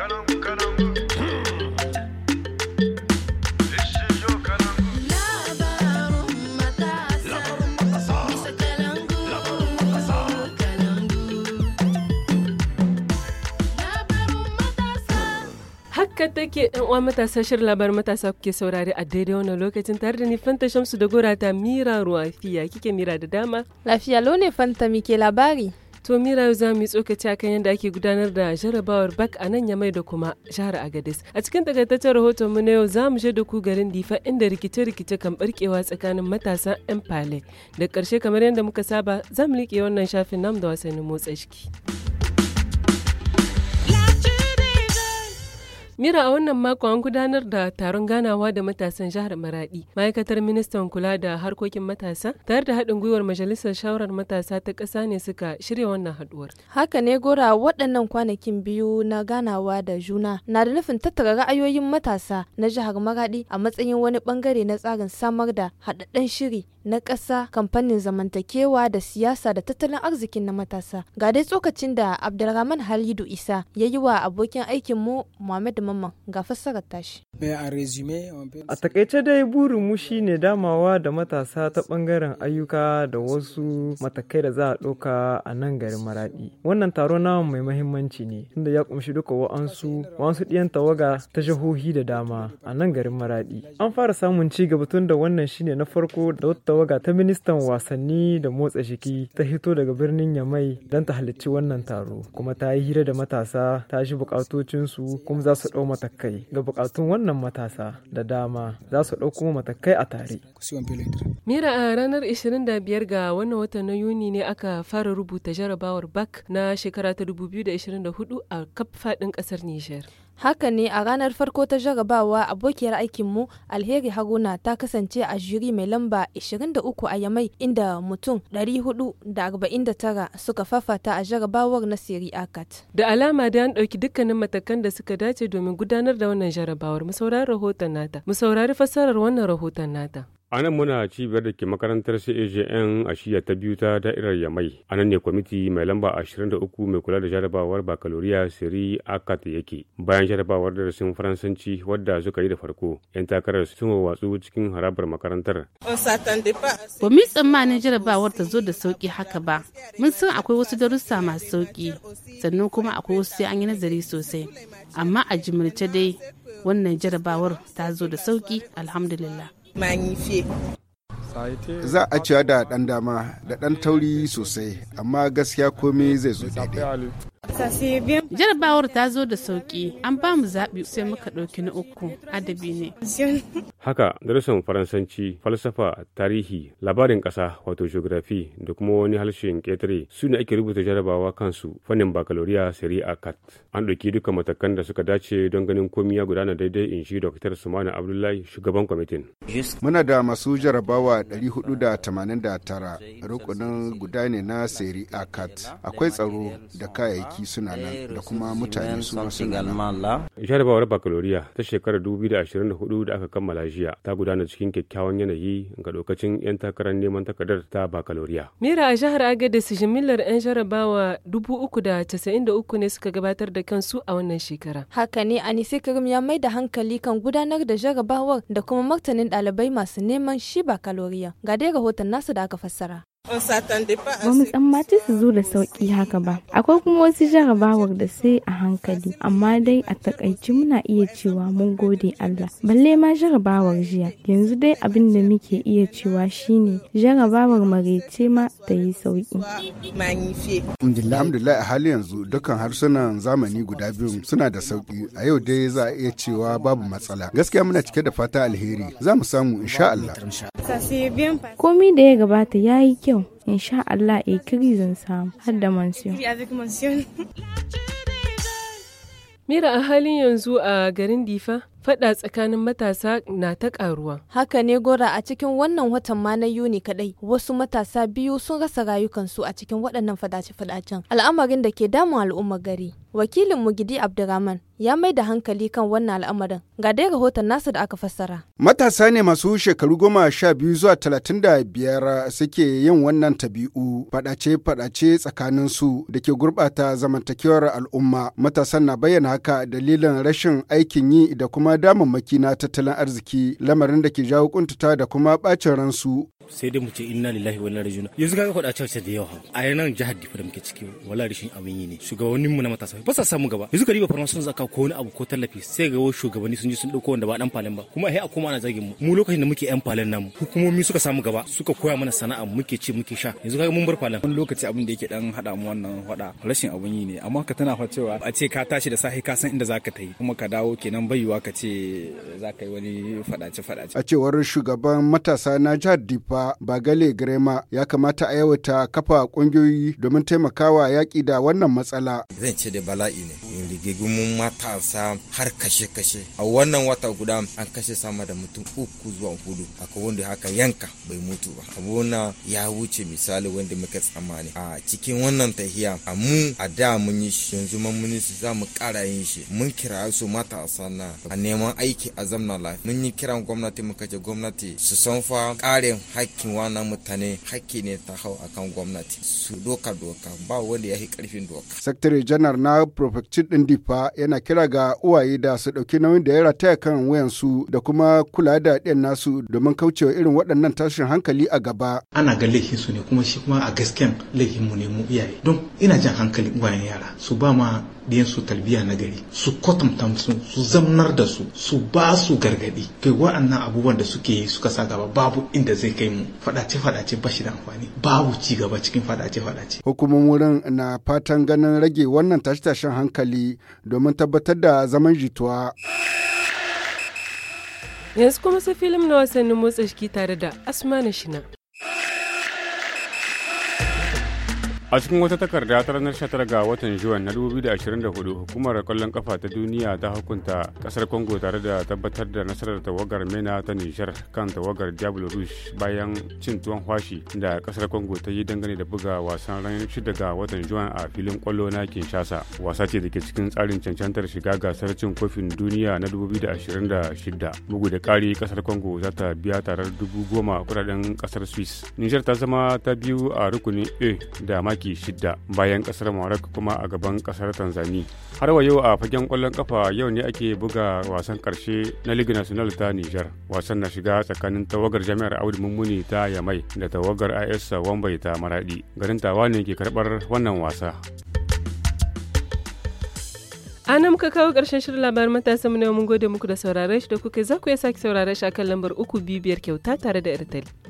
haka take yan uwa matasa shirin labarin matasa kuke saurari a daidai wannan lokacin tare da ni Fanta Shamsu da Gora ta Mira fiya kike Mira da dama. Lafiya lo ne Fanta mike labari. To Mira za mu yi tsokaci akan yadda ake gudanar da jarabawar bak a nan Yamai da kuma jihar Agadez. A cikin takaitaccen rahoton mu na yau za mu je da ku garin Difa inda rikice-rikice kan barkewa tsakanin matasan 'yan fale. Da karshe kamar yadda muka saba za mu liƙe wannan shafin nam da wasannin motsa jiki. Mira a wannan mako an gudanar da taron ganawa da matasan jihar Maradi, ma'aikatar ministan kula da harkokin matasa, tare da haɗin gwiwar majalisar shawarar matasa ta ƙasa ne suka shirya wannan haɗuwar. Haka ne gora waɗannan kwanakin biyu na ganawa da juna na da nufin tattara ra'ayoyin matasa na jihar Maradi a matsayin wani ɓangare na tsarin samar da haɗaɗɗen shiri na ƙasa kamfanin zamantakewa da siyasa da tattalin arzikin na matasa. Ga dai tsokacin da Abdulrahman Halidu Isa ya yi wa abokin aikinmu Muhammad musamman ga fassarar tashi. A takaice dai burin mu shine damawa da matasa ta bangaren ayyuka da wasu matakai da za a ɗauka a nan garin Maradi. Wannan taro na mai mahimmanci ne inda ya kumshi duka wa'ansu wa'ansu ɗiyan tawaga ta jihohi da dama a nan garin Maradi. An fara samun ci gaba tun da wannan shine na farko da wata tawaga ta ministan wasanni da motsa jiki ta hito daga birnin Yamai don ta halarci wannan taro kuma ta yi hira da matasa ta ji bukatocinsu kuma za su ɗau matakai ga bukatun wannan matasa da dama za su ɗauko matakai a tare. Mira a ranar 25 ga wannan watan na Yuni ne aka fara rubuta jarabawar BAC na shekara ta 2024 a kafaɗin kasar ƙasar Nijar. Haka ne a ranar farko ta jarabawa abokiyar aikinmu Alheri Haruna ta kasance a jiri mai lamba 23 a Yamai inda mutum 449 suka fafata a jarabawar na Siri Akat. Da alama da an ɗauki dukkanin matakan da suka dace domin gudanar da wannan jarabawar musaurar rahoton nata. saurari fassarar wannan rahoton nata. a nan muna cibiyar da ke makarantar cajn a shiya ta biyu ta da'irar yamai a nan ne kwamiti mai lamba 23 mai kula da jarabawar bakaloriya siri akat yake bayan jarabawar darasin faransanci wadda suka yi da farko yan takarar sun watsu cikin harabar makarantar ba mu tsammanin jarabawar ta zo da sauki haka ba mun san akwai wasu darussa masu sauki sannan kuma akwai wasu sai an yi nazari sosai amma a jimirce dai wannan jarabawar ta zo da sauki alhamdulillah magnifique. Za a cewa da ɗan dama da ɗan tauri sosai, amma gaskiya komai zai zo daidai. Jarabawar ta zo da sauƙi, an ba mu zaɓi sai muka ɗauki na uku, adabi ne. haka darussan faransanci falsafa tarihi labarin ƙasa wato geography da kuma wani harshen ƙetare su ne ake rubuta jarabawa kansu fannin bakaloriya a kat an ɗauki duka matakan da suka dace don ganin komi ya gudana daidai in shi dr sumana abdullahi shugaban kwamitin muna da masu jarabawa 489 rukunin guda ne na a kat akwai tsaro da kayayyaki suna nan da kuma mutane su suna nan jarabawar bakaloriya ta shekarar 2024 da aka kammala jiya ta gudana cikin kyakkyawan yanayi ga lokacin 'yan takarar neman takardar ta bakaloriya. Mera a jihar Agadez jimillar 'yan jarabawa 393 ne suka gabatar da kansu a wannan shekara. Haka ne Anise Karim ya mai da hankali kan gudanar da jarabawar da kuma martanin ɗalibai masu neman shi bakaloriya. Ga dai rahoton nasu da aka fassara. Ba mu tsammaci su zo da sauƙi haka ba. Akwai kuma wasu jarabawar da sai a hankali, amma dai a takaici muna iya cewa mun gode Allah. Balle ma jarabawar jiya, yanzu dai abin da muke iya cewa shi ne jarabawar marece ma ta yi sauƙi. Alhamdulillah a hali yanzu dukkan harsunan zamani guda biyu suna da sauƙi. A yau dai za a iya cewa babu matsala. Gaskiya muna cike da fata alheri. Za mu samu insha Allah. Komi da ya gabata ya yi kyau. kyau insha Allah a eh, kiri zan samu har da mansiyon. Mira a halin yanzu a garin Difa fada tsakanin matasa na ta karuwa. Haka ne gora a cikin wannan watan ma na Yuni kadai wasu matasa biyu sun rasa rayukansu a cikin waɗannan fadace-fadacen al'amarin da ke damun al'ummar gari. Wakilin Mugidi Abdurrahman ya mai da hankali kan wannan al'amarin ga dai rahoton nasu da aka fassara. Matasa ne masu shekaru goma sha biyu zuwa talatin da biyar suke yin wannan tabi'u fadace-fadace tsakanin su da ke gurɓata zamantakewar al'umma. Matasan na bayyana haka dalilin rashin aikin yi da kuma damammaki na tattalin arziki lamarin da ke jawo kuntata da kuma bacin ransu. sai dai mu ce inna lillahi wa inna ilaihi yanzu kaga kwadace da yawa a yanar jihar Difa da muke ciki wala rashin abin yi ne shugabanninmu na matasa ba sa samu gaba yanzu ka riba sun zaka ko wani abu ko tallafi sai ga wasu shugabanni sun ji sun dauko wanda ba dan ba kuma ai a koma ana zagin mu mu lokacin da muke yan falin namu hukumomi suka samu gaba suka koya mana sana'a muke ci muke sha yanzu kaga mun bar falin wani lokaci abin da yake dan hada mu wannan hada rashin abun yi ne amma ka tana fa cewa a ce ka tashi da sahi ka san inda zaka ta yi kuma ka dawo kenan baiwa ka ce zaka yi wani fadace fadace a cewar shugaban matasa na jihar Difa Bagale Grema ya kamata a yawata kafa kungiyoyi domin taimakawa yaki da wannan matsala zan ce da bala'i ne rigigimin matasa har kashe-kashe a wannan wata guda an kashe sama da mutum uku zuwa hudu akwai wanda haka yanka bai mutu ba na ya wuce misali wanda muka tsammani a cikin wannan tahiya a mu a da mun yi shi yanzu man mun su za mu kara yin shi mun kira su matasa na a neman aiki a zamna lafiya mun yi kiran gwamnati muka ce gwamnati su san fa karin hakkin wannan mutane hakki ne ta hau akan gwamnati su doka doka ba wanda ya yi karfin doka sakatare janar na prefecture ɗin difa yana kira ga uwaye da su ɗauki nauyin da ya rataya kan wayansu da kuma kula da ɗiyan nasu domin kaucewa irin waɗannan tashin hankali a gaba. Ana ga laifin su ne kuma shi kuma a gasken laifin mu ne mu iyaye. Don ina jan hankalin uwayen yara su ba ma ɗiyan su talbiya na gari su kwatanta su su zamnar da su su ba su gargaɗi. Kai wa'annan abubuwan da suke yi suka sa gaba babu inda zai kai mu faɗace faɗace ba shi da amfani babu ci gaba cikin faɗace faɗace. Hukumomin na fatan ganin rage wannan tashe-tashen hankali hankali domin tabbatar da zaman jituwa. Yanzu kuma sai filim na wasannin motsa jiki tare da Asma na Shina. a cikin wata takarda ta ranar 19 ga watan juwan na 2024 hukumar kwallon kafa ta duniya ta hukunta kasar congo tare da tabbatar da nasarar tawagar mena ta nijar kan tawagar diablo rouge bayan cin tuwon kwashi da kasar congo ta yi dangane da buga wasan ranar 6 ga watan juwan a filin kwallo na kinshasa wasa ce da ke cikin tsarin cancantar shiga gasar cin kofin duniya na 2026 bugu da kari kasar congo za ta biya tarar dubu goma kudaden kasar swiss nijar ta zama ta biyu a rukuni a da maki maki shida bayan kasar Morocco kuma a gaban kasar Tanzania. Har wa yau a fagen kwallon kafa yau ne ake buga wasan karshe na Ligue National ta Niger. Wasan na shiga tsakanin tawagar Jami'ar Audu Mummuni ta Yamai da tawagar AS Wambai ta Maradi. Garin Tawa ne ke karbar wannan wasa. ana muka kawo ƙarshen shirin labarin matasa mu ne mun gode muku da sauraron shi da kuka za ku iya sake saurare shi akan lambar uku bibiyar kyauta tare da airtel